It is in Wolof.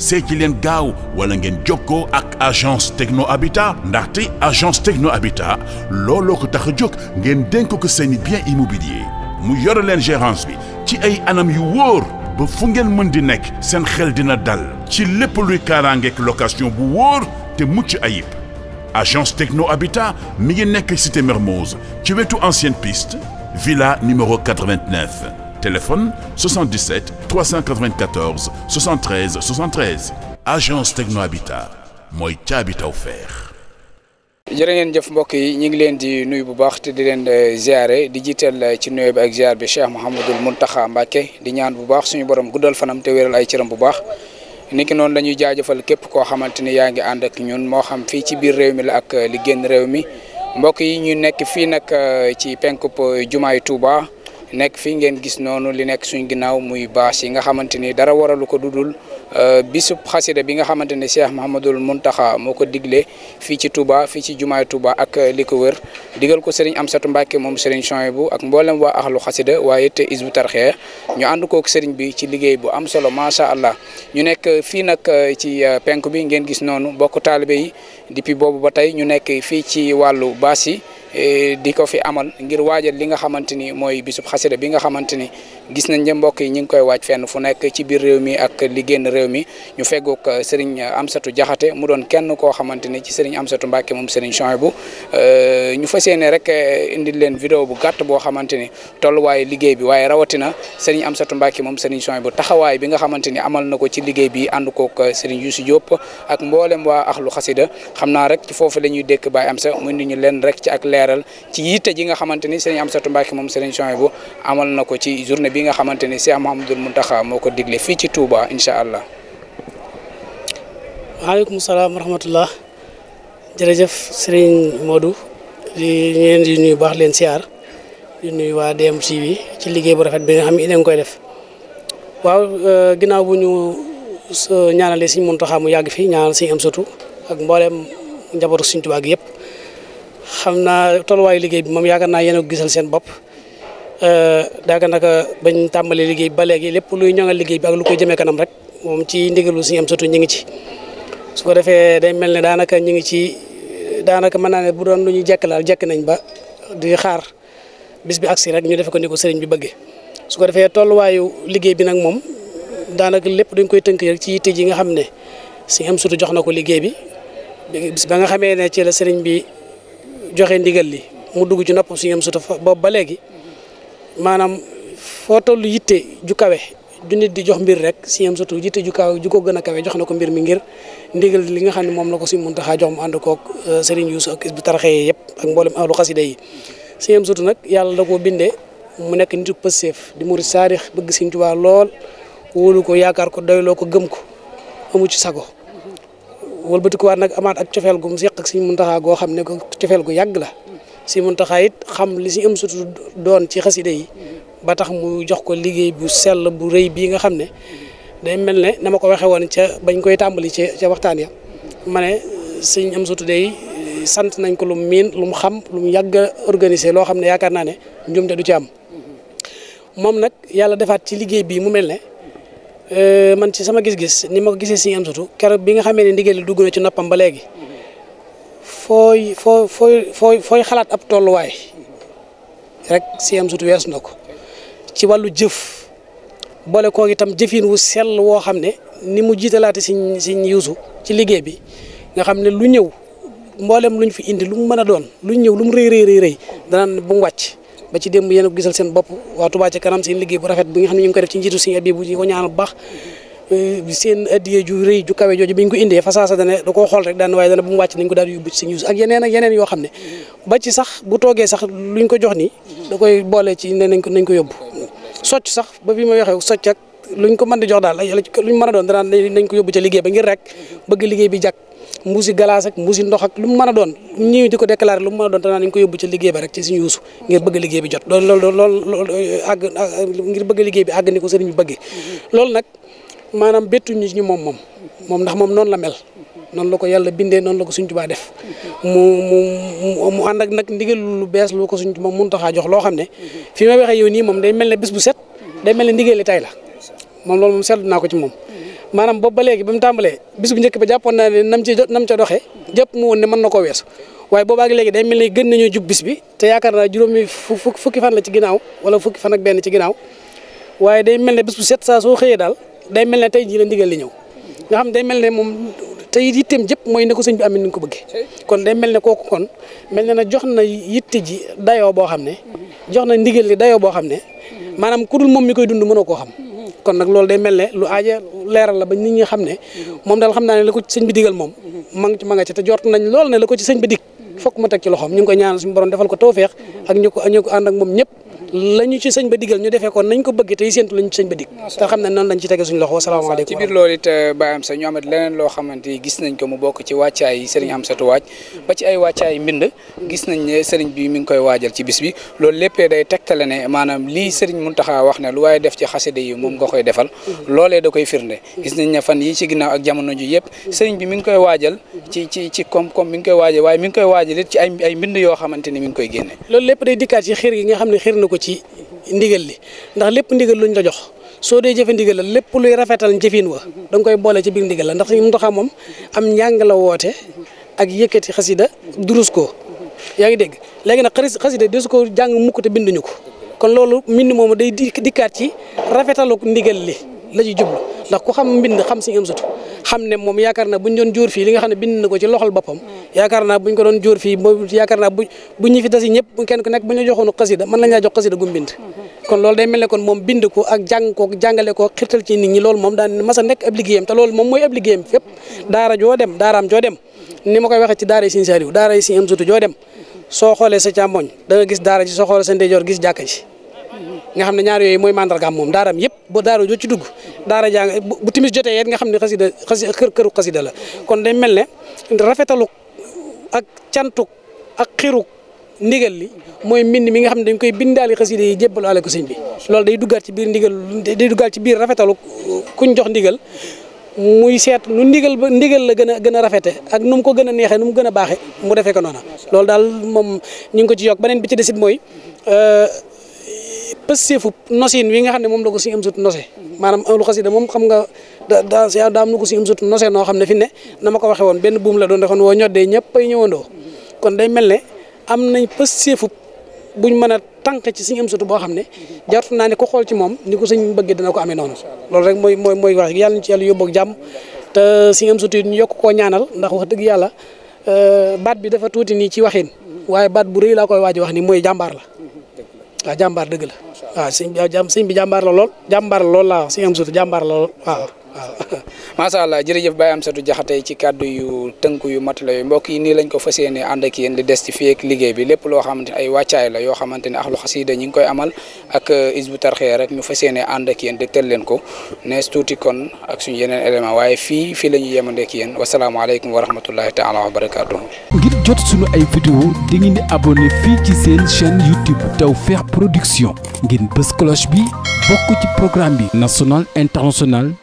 see ci leen gaaw wala ngeen jokkoo ak agence techno abita ndaxte agence techno habitat looloo ko tax a jóg ngeen dénk ko seeni bien immobilier mu yor leen gérance bi ci ay anam yu wóor ba fu ngeen mën di nekk seen xel na dal ci lépp luy kaaraangeek location bu wóor te mucc ayib agence techno abita mi ngi nekk cité Mermoz ci wetu ancienne pist villa numéro 89 téléphone 77 394 73 73 agence Techno Habitat mooy ca Habitat offert. jër ngeen jëf mbokk yi ñu ngi leen di nuyu bu baax te di leen eh, ziare di jiital eh, ci nuyu bi ak ziar bi Cheikh Mouhamadul Mountakha Mbacké di ñaan bu baax suñu borom guddal fanam te wéral ay cëram bu baax niki noonu la ñuy jaajëfal képp koo xamante ni yaa ngi ànd ak ñun moo xam fii ci biir réew mi la ak eh, li génn réew mi mbokk yi ñu nekk fii nag ci penk penkub jumaay Touba. nekk fii ngeen gis noonu li nekk suñ ginnaaw muy bâche yi nga xamante ni dara waralu ko dudul euh, bisub xasida bi nga xamante ne Cheikh Mouhamadul Mountakha moo ko digle fii ci tubaa fii ci jumaay tubaa ak li ko wër digal ko am Amsatou Mbacke moom Serigne Chouaïbou ak mboolem waa axlu xasida waaye te Hizbut Tarqiyyah ñu ànd kook sëriñ bi ci liggéey bu am solo macha allah ñu nekk fii nag euh, ci euh, penk bi ngeen gis noonu bokk taalibe yi depuis boobu ba tey ñu nekk fii ci wàllu bâche yi di ko fi amal ngir waaja li nga xamante ni mooy bisub xasida bi nga xamante ni gis nañ ne mbokk yi ñu ngi koy waaj fenn fu nekk ci biir réew mi ak li génn réew mi ñu feggoog euh, sëriñ Amsatu Jaxate mu doon kenn koo xamante ne ci sëriñ Amsatu Mbàkke moom sëriñ Chouaïbou euh, ñu fas yéene rek euh, indil leen vidéo bu gàtt boo xamante ni tolluwaayu liggéey bi waaye rawatina sëriñ Amsatu Mbàkke moom sëriñ Chouaïbou taxawaay bi nga xamante ni amal na ko ci liggéey bi ànd koog sëriñ si Diop ak mboolem waa Axlu Xasida xam naa rek ci foofu lañuy ñuy dékk Baye Amsa mu indi ñu leen rek ci ak leeral ci yitte ji nga xamante ni sëriñ Amsatu Mbàkke moom sëriñ Chouaïbou amal na ko ci journée bi nga xamante ni Cheikh Mouhamadul Mountakha moo ko digle fii ci Touba incha allah. waaleykum salaam wa rahmatullah jërëjëf Serigne di leen di baax leen siyaar di nuyu waa DMTV ci liggéey bu rafet bi nga xam ne dañ koy def waaw euh, ginnaaw bu ñu euh, ñaanalee mun Mountakha mu yàgg fi ñaanal Serigne Amsatou ak mboolem njaboot Serigne Touba gi yëpp xam naa tolluwaayu liggéey bi moom yaakaar naa yéen a gisal seen bopp. Euh, daaka naka bañ tàmbalee liggéey ba léegi lépp luy ñoŋal liggéey bi ak lu ko jëmee kanam rek moom ci ndigalu si am surtout ñu ngi ci su ko defee day mel ne daanaka ñu ngi ci daanaka mën naa ne bu doon lu ñuy jekk laal jekk nañ ba di xaar bis bi agsi rek ñu defe ko ni ko sëriñ bi bëggee su ko defee tolluwaayu liggéey bi nag moom daanaka lépp dañ koy tënk rek ci yitte ji nga xam ne si am sutu jox na ko liggéey bi bis ba nga xamee ne ci la sëriñ bi joxe ndigal li mu dugg ci nopp suñu am sutu boobu ba léegi maanaam foo toll yitte ju kawe ju nit di jox mbir rek si am surtout yitte ju kawe ju ko gën a kawe jox na ko mbir mi ngir ndigal li nga xam ne moom la ko si Muntaxa jox mu ànd koog euh, Serigne Youssou ak bi taraxee yëpp ak mboolem ahlu xasida yi si am surtout nag yàlla da koo bindee mu nekk nitu pëseef di murid saadix bëgg Sëriñ Tuubaa lool wóolu ko yaakaar ko doyloo ko gëm ko amu ci sago wëlbatikuwaat nag amaat ak cofeel gu mu seq ak Sëriñ Muntaxa goo xam ne ko cofeel gu yàgg la si Muntaxa it xam li si am sutu doon ci xasida yi ba tax mu jox ko liggéey bu sell bu rëy bii nga xam ne day mel ne na ma ko waxee woon ca bañ koy tàmbali ca ca waxtaan ya ma ne sëñ am sutu day sant nañ ko lu mu miin lu mu xam lu mu yàgg organiser loo xam ne yaakaar naa ne njumte du ci am moom nag yàlla defaat ci liggéey bii mu mel ne euh, man ci sama gis-gis ni ma ko gisee si am sutu keroog bi nga xamee ne ndigal li dugg na ci noppam ba léegi fooy foo fooy fooy fooy xalaat ab tolluwaay rek CM Sout wees na ko ci wàllu jëf boole koo itam jëfin wu sell woo xam ne ni mu jiitalaate si siñ yuusu ci liggéey bi nga xam ne lu ñëw mboolem luñ fi indi lu mu mën a doon luñ ñëw lu mu rëy rëy rëy danaan bu mu wàcc ba ci démb yéen a ko gisal seen bopp waa Touba ci kanam seen liggéey bu rafet bi nga xam ne ñu ngi ko def ci njiitu Sëñ ñaanal baax seen addiye ju rëy ju kawe jooju bi ñu ko indee fa saasa dane da koo xool rek daan waaye dana bu mu wàcc nañ ko daal yóbbu ko jox nii da koy boole ci ne nañ ko nañ ko yóbbu socc sax ba bi ma waxee socc ak luñ ko mën di jox daal luñ mën a doon danaan nañ ko yóbbu ca liggéey ba ngir rek bëgg liggéey bi jàkk mbuusi galaas ak mbuusi lu mu mën a doon ñëw di ko déclaré lu mu mën a doon danaa nañ ko yóbbu ca liggéey ba rek ci suñu yuusu ngir bëgg liggéey bi jot loolu loolu loolu ngir bëgg liggéey bi àgg ni ko sëriñ bi bëggee loolu nag maanaam bettuñu ñu moom moom moom ndax moom noonu la mel noonu la ko yàlla bindee noonu la ko suñ baa def mu mu mu ànd ak nag ndigal lu bees lu ko suñ tubaa mun taxaa jox loo xam ne fi may waxee yow nii moom day mel ne bés bu set day mel ne ndigal li tay la moom loolu moom naa ko ci moom maanaam boobu ba léegi ba mu tàmbalee bis bu njëkk ba jàppoon naa ne nam ci doxee jëpp mu woon mën na koo weesu waaye boobaak léegi day mel ne gën nañoo jub bi te yaakaar naa juróomi fukki fan la ci ginnaaw wala fukki fan ak benn ci ginnaaw waaye day mel ne bis bu set saa soo xëyee daal day mel ne tey jii la ndigal li ñëw nga xam day mel ne moom tey yitteem jëpp mooy ne ko sëñ bi amee ni ko bëggee kon day mel ne kooku kon mel ne na jox na yitte ji dayoo boo xam ne jox na ndigal li dayoo boo xam ne maanaam ku moom mi koy dund mënoo koo xam kon nag loolu day mel ne lu aja leeral la ba nit ñi xam ne moom daal xam naa ne ko sëñ bi digal moom ma nga ci ma nga ci nañ lool ne la ko ci sëñ bi dig fokk mu teg ci loxoom ñu ngi koy ñaanal suñu borom defal ko tawfeex ak ñu ko ñu ko ànd ak moom ñëpp lañu ci sëñ ba digal ñu defee ko nañ ko bëgg tey séntu lañu ci sëñ ba dig te xam ne noonu lañ ci tege loxo wasalaamaaleykum ci biir loolu euh, loo xamante ni ci wàccaay sëriñ Amsatu waaj ba ci bi mi ngi koy waajal ci bis bi loolu léppee day tegtale ne maanaam lii sëriñ Muntaxa wax ne lu waaye def ci xasida yi moom nga koy defal loolee da koy firnde gis nañ ne fan yi ci ginnaaw ak jamono ji yëpp sëriñ bi mi ngi koy waajal ci ci ci koom-koom mi nga koy waajal waaye mi ngi koy waajal it ci ay ay mbind xam xamante ni mi ngi koy génne ci ndigal li ndax lépp ndigal luñ la jox soo dee jëfe ndigal la lépp luy rafetal jëfin wa da koy boole ci biir ndigal la ndax suñu ndoxaa moom am njàng la woote ak yëkkati xasida durus ko yaa ngi dégg léegi nag xaris xasida desu ko jàng mukk te binduñu ko kon loolu mbind moomu day dikkaat ci rafetalu ndigal li la ci jublu ndax ku xam mbind xam sëñ Amsatu xam ne moom yaakaar naa buñ doon jóor fii li nga xam ne bind na ko ci loxol boppam yaakaar naa buñ ko doon jóor fii moom yaakaar naa bu bu ñu fi tasi kenn ku nekk bu ñu joxoonu xasida mën lañ laa jox xasida gum bind kon loolu day mel ne kon moom bind ko ak jàng ko jàngale ko xirtal ci nit ñi loolu moom daan mas a nekk ab liggéeyam te loolu moom mooy ab liggéeyam fépp daara joo dem daaraam joo dem ni ma koy waxee ci daara yi sëñ Saliou daara yi sëñ Amsatu joo dem soo xoolee sa càmmoñ da gis daara ji nga xam ne ñaar yooyu mooy mandargaam moom daaram yëpp ba daara joo ci dugg daara jàng bu timis jotee yet nga xam ne xasida xasi kër këru xasida la kon day mel ne rafetaluk ak cantuk ak xiruk ndigal li mooy mbind mi nga xam ne dañ koy bindaali xasida yi jébbalu ale ko sëñ bi loolu day duggaat ci biir ndigal day duggaat ci biir rafetalu kuñ jox ndigal muy seet nu ndigal ba ndigal la gën a gën a rafete ak nu mu ko gën a neexee nu mu gën a baaxee mu defee ko noona loolu daal moom ñu ngi ko ci yokk beneen bi ci desit mooy euh, pësseefu nosin wi nga xam ne moom la ko suñu am sut nose maanaam lu xasida moom xam nga da daa am lu ko suñu am sut nose noo xam ne fi ko waxe woon benn buum la doon defoon kon day mel ne am nañ pësseefu buñ mën a tànk ci suñu am sut boo xam ne jartu naa ne ko xool ci moom ni ko suñ bëggee dana ko amee noonu loolu rek mooy mooy mooy wax yàlla ñu ci yàlla yóbbu ak jàmm te suñu am sut yokk koo ñaanal ndax wax dëgg yàlla euh, baat bi dafa tuuti nii ci waxin waaye baat bu rëy laa koy waaj wax ni mooy jàmbaar la waaw jàmbaar dëgg a waaw sëñ bi jàmbaar la lool jàmbaar la lool laa waaw macha allah jërëjëf Baye Amsatou Diakhaté ci kàddu yu tënk yu mat la yooyu mbokk yi nii lañ ko fas yéene ànd ak yéen di des ci fii ak liggéey bi lépp loo xamante ne ay wàccaay la yoo xamante ne ahlu xasida ñi ngi koy amal ak euh, isbu tarxee rek ñu fas yéene ànd ak yéen di tel leen ko nees tuuti kon ak suñu yeneen élément waaye fii fii la ñu yemandeek yéen wasalaamaaleykum wa rahmatullahi taala wa barakaatu. ngir jot suñu ay vidéo di ngeen di abonné fii ci seen chaîne YouTube Tawfekh Production ngeen bi bokk ci programme bi national